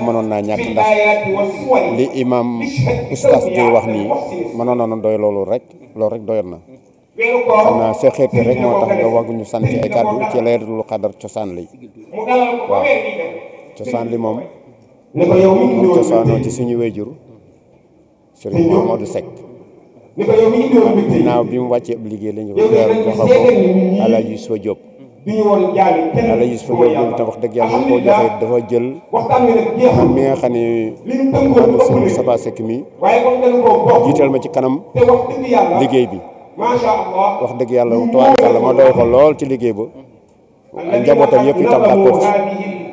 mënoon naa ñàkk ndax li imam ustaz di wax nii mënoon na doy loolu rek loolu rek doyoon na xam naa sa xeet rek moo tax nga waguñu sant ay kàddu ci leerlu xadar cosaan li waaw cosaan li moom moom cosaanoo ci suñu wéyjur sëriñ Mamadou Seck naaw bi mu ko yàlla gis fa boobu dëgg yàlla ko joxe dafa jël nga xam ne moom ma ci kanam liggéey bi wax dëgg yàlla tuwaat yàlla lool ci liggéey ba njabootam yëpp itam ci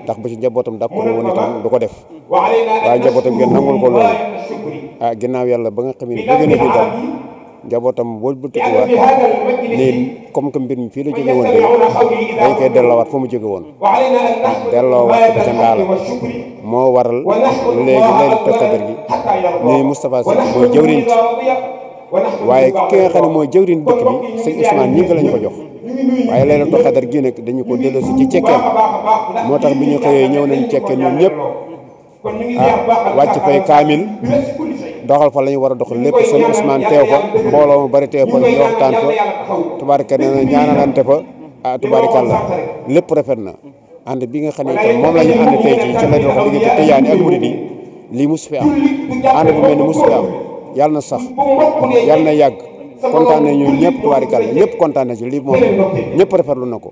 ndax ba ci njabootam d'accord woon itam du ko def waaye njabootam ngeen nangul ko loolu ah ginnaaw yàlla ba nga xam ne bëgg na fi dal njabootam wëlbatiku waat nii comme que mbir mi fii la jóge woon bi dañ koy delloowaat fa mu jóge woon delloo ko ba ca ndaala moo waral léegi léegi tokkadar gi nii Moustapha Seck mooy jëwriñ waaye ki nga xam mooy jëwriñ dëkk bi sëñ Ousmane ñi nga lañu ko jox waaye léegi la tokkadar gi nag dañu ko delloosi ci cekkeen moo tax bi ñu xëyee ñëw nañ cekkeen ñoom ñëpp ah wàcc kaamil doxal fa la ñu war a doxal lépp sëñ Ousmane teew fa mbooloo mu bari teew fa ñu waxtaan fa tubaarika la na ñaanalante fa ah tubaarikàlla lépp rafet na ànd bi nga xam ne itam moom la ñu ànd tey ci ci la doxal ak murid yi lii mus fi am ànd bu mel mus fi am yàlla na sax yàlla na yàgg kontaan ñu ñëpp tubaarikàlla ñëpp kontaan na ci lii moom ñëpp rafetlu na ko